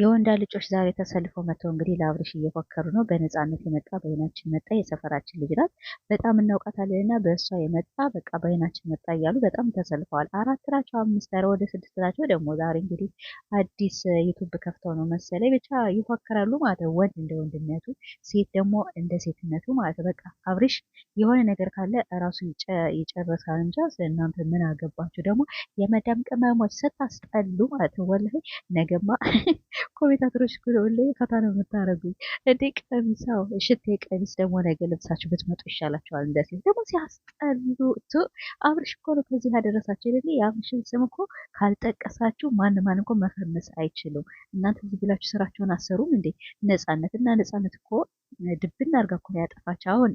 የወንዳ ልጆች ዛሬ ተሰልፈው መጥተው እንግዲህ ለአብርሽ እየፎከሩ ነው። በነፃነት የመጣ በአይናችን መጣ የሰፈራችን ልጅ ናት በጣም እናውቃታለን እና በእሷ የመጣ በቃ በአይናችን መጣ እያሉ በጣም ተሰልፈዋል። አራት ናቸው፣ አምስት ኧረ ወደ ስድስት ናቸው። ደግሞ ዛሬ እንግዲህ አዲስ ዩቱብ ከፍተው ነው መሰለኝ ብቻ ይፎከራሉ ማለት ነው። ወንድ እንደ ወንድነቱ፣ ሴት ደግሞ እንደ ሴትነቱ ማለት ነው። በቃ አብርሽ የሆነ ነገር ካለ ራሱ ይጨርሳል እንጃ። እናንተ ምን አገባችሁ ደግሞ የመዳም ቅመሞች ስታስጠሉ ማለት ነው። ወላሂ ነገማ ኮሜንታተሮች ሁሌ ፈታ ነው የምታደርጉኝ እንዴ! ቀሚሳው ሽቴ ቀሚስ ደግሞ ነገ ልብሳችሁ ብትመጡ ይሻላችኋል። እንደዚህ ደግሞ ሲያስጠሉ እቱ አብርሽ እኮ ነው ከዚህ ያደረሳቸው። ይለ የአብርሽን ስም እኮ ካልጠቀሳችሁ ማን ማን እኮ መፈመስ አይችሉም። እናንተ እዚህ ብላችሁ ስራቸውን አሰሩም እንዴ! ነጻነት እና ነጻነት እኮ ድብና አርጋ እኮ ያጠፋች አሁን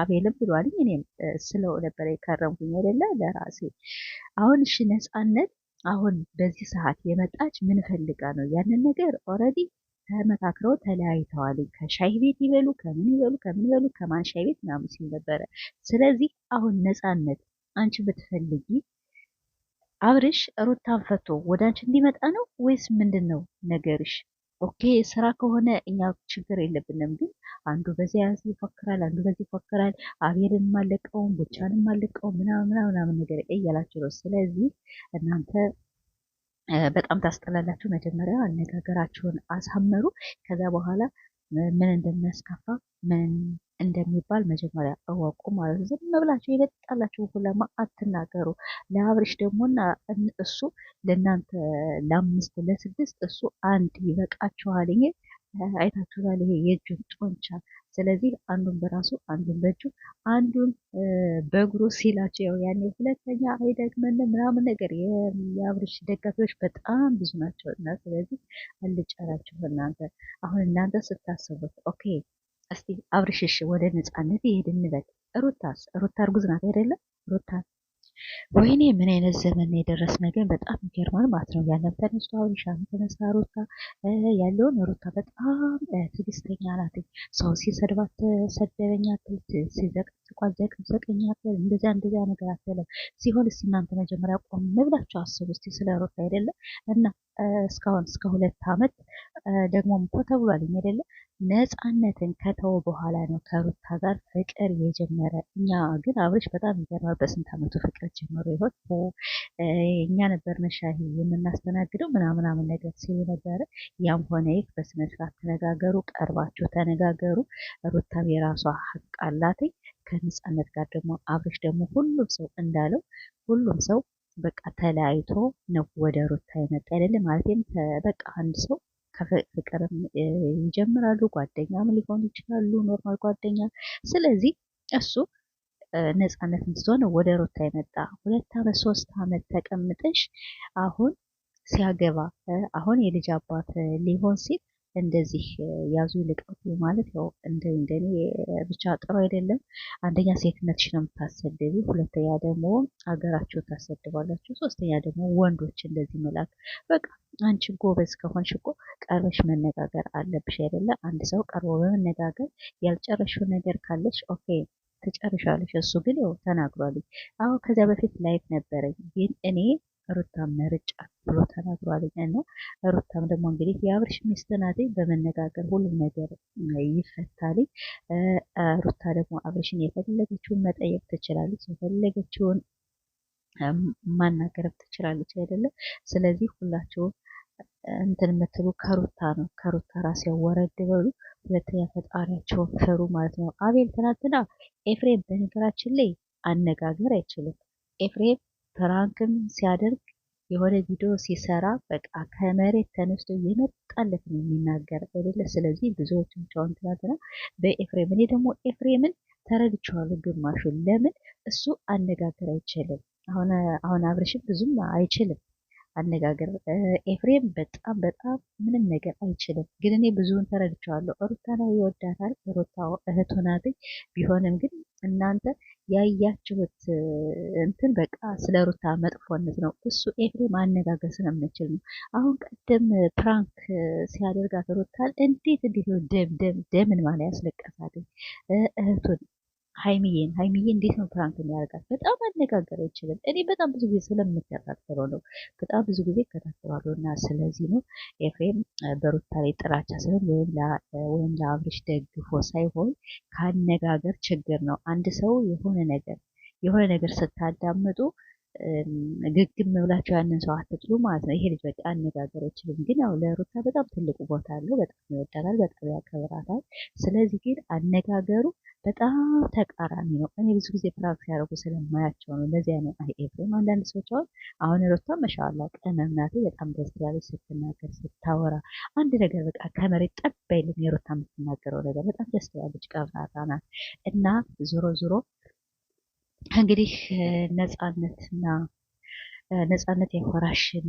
አቤልም ብሏልኝ እኔም ስለው ነበር የከረምኩኝ አይደለ ለራሴ አሁን እሺ ነጻነት አሁን በዚህ ሰዓት የመጣች ምን ፈልጋ ነው? ያንን ነገር ኦልሬዲ ተመካክረው ተለያይተዋል። ከሻይ ቤት ይበሉ ከምን ይበሉ ከምን ይበሉ ከማን ሻይ ቤት ምናምን ሲል ነበረ። ስለዚህ አሁን ነፃነት አንቺ ብትፈልጊ አብርሽ ሩታን ፈቶ ወደ አንቺ እንዲመጣ ነው ወይስ ምንድን ነው ነገርሽ? ኦኬ ስራ ከሆነ እኛ ችግር የለብንም፣ ግን አንዱ በዚህ ያዝ ይፎክራል፣ አንዱ በዚህ ይፎክራል። አቤልን ማለቀውም ቡቻንም ማለቀውም ምናምን ምናምን ምናምን ነገር እያላችሁ ነው። ስለዚህ እናንተ በጣም ታስጠላላችሁ። መጀመሪያ አነጋገራችሁን አሳምሩ። ከዛ በኋላ ምን እንደሚያስከፋ ምን እንደሚባል መጀመሪያ እወቁ ማለት ነው። ዝም ብላችሁ የለጣላችሁ ሁላማ አትናገሩ። ለአብርሽ ደግሞ እሱ ለእናንተ ለአምስት ለስድስት እሱ አንድ ይበቃችኋል። ይሄ አይታችሁታል። ይሄ የእጁን ጡንቻ። ስለዚህ አንዱን በራሱ አንዱን በእጁ አንዱን በእግሩ ሲላቸው ያው ያኔ ሁለተኛ አይደግመን ምናምን ነገር የአብርሽ ደጋፊዎች በጣም ብዙ ናቸው እና ስለዚህ አልጨራችሁ እናንተ አሁን እናንተ ስታስቡት ኦኬ እስቲ አብርሽሽ ወደ ነፃነት ይሄድ እንበል። ሩታስ ሩታ እርጉዝ ናት አይደለም ሩታስ ወይኔ ምን አይነት ዘመን ነው የደረስን ግን በጣም ይገርማል ማለት ነው። ያለንበት እሷ ሻም ተነሳ ሩታ ያለውን ሩታ በጣም ትግስተኛ ናት። ሰው ሲሰድባት ሰደበኛ ትል ሲዘቀዝቋት ዘቀዘቀኛ ትል እንደዚያ እንደዚያ ነገር አትልም። ሲሆን እስኪ እናንተ መጀመሪያ ቆም ብላችሁ አስቡ እስኪ ስለ ሩታ አይደለም እና እስካሁን እስከ ሁለት ዓመት ደግሞ እኮ ተብሏልኝ አይደለ? ነፃነትን ከተወ በኋላ ነው ከሩታ ጋር ፍቅር የጀመረ። እኛ ግን አብርሽ በጣም ይገርማል። በስንት ዓመቱ ፍቅር ጀምሮ ይሆን? እኛ ነበር መሻሂ የምናስተናግደው ምናምናምን ነገር ሲሉ ነበረ። ያም ሆነ ይህ በስነስርዓት ተነጋገሩ፣ ቀርባችሁ ተነጋገሩ። ሩታም የራሷ ሀቅ አላትኝ ከነፃነት ጋር ደግሞ አብርሽ ደግሞ ሁሉም ሰው እንዳለው ሁሉም ሰው በቃ ተለያይቶ ነው ወደ ሩታ የመጣ አይደለ? ማለቴም በቃ አንድ ሰው ከፍቅርም ይጀምራሉ፣ ጓደኛም ሊሆኑ ይችላሉ፣ ኖርማል ጓደኛ። ስለዚህ እሱ ነጻነት ነው ወደ ሩታ የመጣ ሁለት አመት ሶስት አመት ተቀምጠሽ አሁን ሲያገባ አሁን የልጅ አባት ሊሆን ሲል እንደዚህ ያዙ ልቀቁ ማለት ያው እንደ እንደኔ ብቻ ጥሩ አይደለም። አንደኛ ሴትነትሽ ነው የምታሰድቢ፣ ሁለተኛ ደግሞ አገራቸው ታሰድባላችሁ፣ ሶስተኛ ደግሞ ወንዶች እንደዚህ መላክ በቃ አንቺ ጎበዝ ከሆንሽ እኮ ቀርበሽ መነጋገር አለብሽ አይደለ? አንድ ሰው ቀርቦ በመነጋገር ያልጨረሽው ነገር ካለሽ ኦኬ ትጨርሻለሽ። እሱ ግን ያው ተናግሯል። አዎ ከዚያ በፊት ላይፍ ነበረኝ ግን እኔ ሩታ መርጫ ብሎ ተናግሯል እና ሩታም ደግሞ እንግዲህ የአብርሽ ሚስት ናት። በመነጋገር ሁሉም ነገር ይፈታል። ሩታ ደግሞ አብርሽን የፈለገችውን መጠየቅ ትችላለች፣ የፈለገችውን ማናገርም ትችላለች አይደለም። ስለዚህ ሁላችሁም እንትን የምትሉ ከሩታ ነው። ከሩታ ራስ ያወረድ በሉ። ሁለተኛ ፈጣሪያቸውን ፍሩ ማለት ነው። አቤል ትናንትና ኤፍሬም በነገራችን ላይ አነጋገር አይችልም ኤፍሬም ፕራንክም ሲያደርግ የሆነ ቪዲዮ ሲሰራ በቃ ከመሬት ተነስቶ የመጣለት ነው የሚናገር አይደለ? ስለዚህ ብዙዎችን ቻውን ትናንትና በኤፍሬም እኔ ደግሞ ኤፍሬምን ተረድቸዋሉ ግማሹን። ለምን እሱ አነጋገር አይችልም። አሁን አሁን አብርሽም ብዙም አይችልም አነጋገር። ኤፍሬም በጣም በጣም ምንም ነገር አይችልም። ግን እኔ ብዙውን ተረድቸዋለሁ። ሩታ ነው ይወዳታል። ሩታ እህቱ ናት። ቢሆንም ግን እናንተ ያያችሁት እንትን በቃ ስለ ሩታ መጥፎነት ነው። እሱ ኤፍሬም ማነጋገር ስለምንችል ነው። አሁን ቀደም ፕራንክ ሲያደርጋት ሩታን እንዴት እንዴት ነው ደም ደም ደምን ማለት ያስለቀሳት እህቱን ሀይሚዬን ሀይሚዬ እንዴት ነው ፕራንክ የሚያደርጋት? በጣም አነጋገር አይችልም። እኔ በጣም ብዙ ጊዜ ስለምትከታተለው ነው፣ በጣም ብዙ ጊዜ እከታተላለሁ እና ስለዚህ ነው ኤፍሬም በሩታ ላይ ጥላቻ ሳይሆን ወይም ለአብርሽ ደግፎ ሳይሆን ከአነጋገር ችግር ነው። አንድ ሰው የሆነ ነገር የሆነ ነገር ስታዳምጡ ግግም ብላችሁ ያንን ሰው አትጥሉ ማለት ነው። ይሄ ልጅ በቃ አነጋገር አይችልም፣ ግን ያው ለሩታ በጣም ትልቁ ቦታ አለው። በጣም ይወዳታል፣ በጣም ያከብራታል። ስለዚህ ግን አነጋገሩ በጣም ተቃራኒ ነው። እኔ ብዙ ጊዜ ፕራክቲስ ያደረጉ ስለማያቸው ነው። ለዚያ ነው ኤፍሬም። አንዳንድ ሰዎች አሁን አሁን ሩታ መሻላ ቀመም ናት፣ በጣም ደስ ያለች ስትናገር፣ ስታወራ አንድ ነገር በቃ ከመሬት ጠብ አይልም። የሩታ የምትናገረው ነገር በጣም ደስ ያለች ቀብራታ ናት እና ዞሮ ዞሮ እንግዲህ ነጻነትና ነጻነት የኮራሽን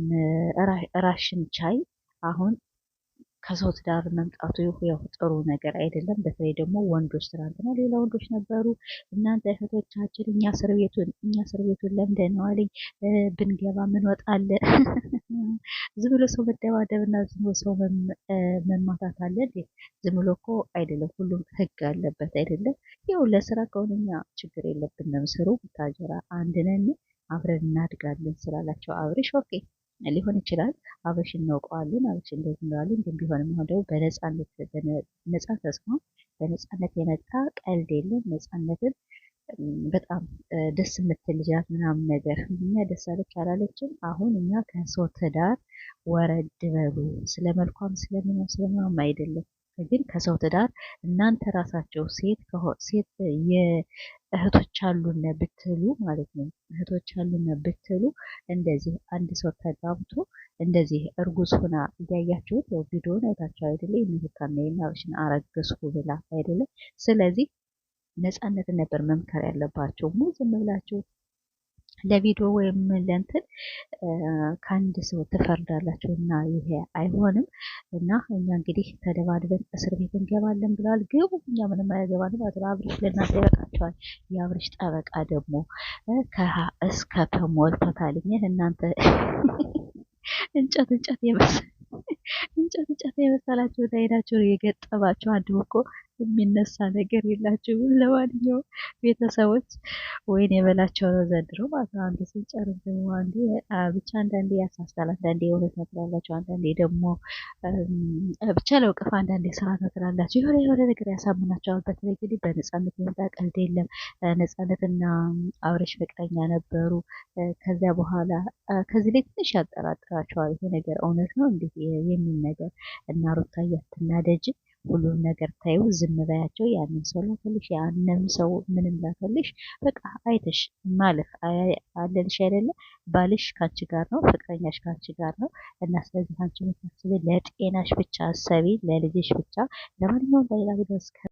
ራሽን ቻይ አሁን ከሰው ትዳር መምጣቱ ያው ጥሩ ነገር አይደለም። በተለይ ደግሞ ወንዶች ትናንትና ሌላ ወንዶች ነበሩ። እናንተ እህቶቻችን እኛ እስር ቤቱን እኛ እስር ቤቱን ለምደነዋልኝ ብንገባ ወጣለ? ዝም ብሎ ሰው መደባደብ እና ዝም ብሎ ሰው መማታት አለ እንዴ? ዝም ብሎ እኮ አይደለም፣ ሁሉም ህግ አለበት አይደለም። ያው ለስራ ከሆነ እኛ ችግር የለብንም። ስሩ ታጀራ ነን፣ አብረን እናድጋለን ስላላቸው አብሬሽ ኦኬ ሊሆን ይችላል። አብረሽን እናውቀዋለን፣ አብረሽን እንደዚህ እንላለን። ግን ቢሆንም አሁን ደግሞ በነፃነት ነፃ ተስማ በነፃነት የመጣ ቀልድ የለም። ነፃነትን በጣም ደስ የምትል ልጅ ናት ምናምን ነገር እኛ ደስ አለች አላለችም። አሁን እኛ ከሰው ትዳር ወረድ በሉ ስለ መልኳም ስለምንም ስለምንም አይደለም ግን ከሰው ትዳር እናንተ ራሳቸው ሴት ሴት የእህቶች አሉነ ብትሉ ማለት ነው። እህቶች አሉነ ብትሉ እንደዚህ አንድ ሰው ተጋብቶ እንደዚህ እርጉዝ ሆና እያያችሁት ያው ቪዲዮን አይታችሁ አይደለ? የሚሁካና የሚያበሽን አረገዝኩ ብላ አይደለ? ስለዚህ ነፃነትን ነበር መምከር ያለባቸው። ሙ ዝም ብላችሁ ለቪዲዮ ወይም ለእንትን ከአንድ ሰው ትፈርዳላችሁ እና ይሄ አይሆንም እና እኛ እንግዲህ ተደባድበን እስር ቤት እንገባለን ብለዋል። ግቡ፣ እኛ ምንም አያገባንም። አቶ አብርሽ ልናንተ ይበቃቸዋል። የአብርሽ ጠበቃ ደግሞ ከሀ እስከ ተሞልቶታልኝን እናንተ እንጨት እንጨት የመሰ እንጨት እንጨት የመሰላችሁ አይናችሁን የገጠማችሁ አንድ እኮ የሚነሳ ነገር የላችሁም። ለማንኛውም ቤተሰቦች ወይን የበላቸው ነው ዘንድሮ ማለት ነው። አንዱ ስንጨርስ ደግሞ አንዱ ብቻ አንዳንዴ ያሳስታል፣ አንዳንዴ የእውነት ነው አንዳንዴ ደግሞ ብቻ ለውቀፍ፣ አንዳንዴ ስራ ነው የሆነ የሆነ ነገር ያሳምናቸዋል። በተለይ ግዲ በነፃነት የመጣ ቀልድ የለም። ነፃነትና አብረሽ ፍቅረኛ ነበሩ። ከዚያ በኋላ ከዚህ ላይ ትንሽ ያጠራጥራቸዋል። ይሄ ነገር እውነት ነው እንዴት የሚል ነገር እና ሩታ እያትናደጅ ሁሉን ነገር ታዩ ዝም በያቸው ያንን ሰው ላከልሽ ያንም ሰው ምንም ላከልሽ በቃ አይተሽ ማለፍ አለልሽ አይደለ ባልሽ ካንቺ ጋር ነው ፍቅረኛሽ ካንቺ ጋር ነው እና ስለዚህ ካንቺ ምታስቢ ለጤናሽ ብቻ አሰቢ ለልጅሽ ብቻ ለማንኛውም በሌላ ቪዲዮ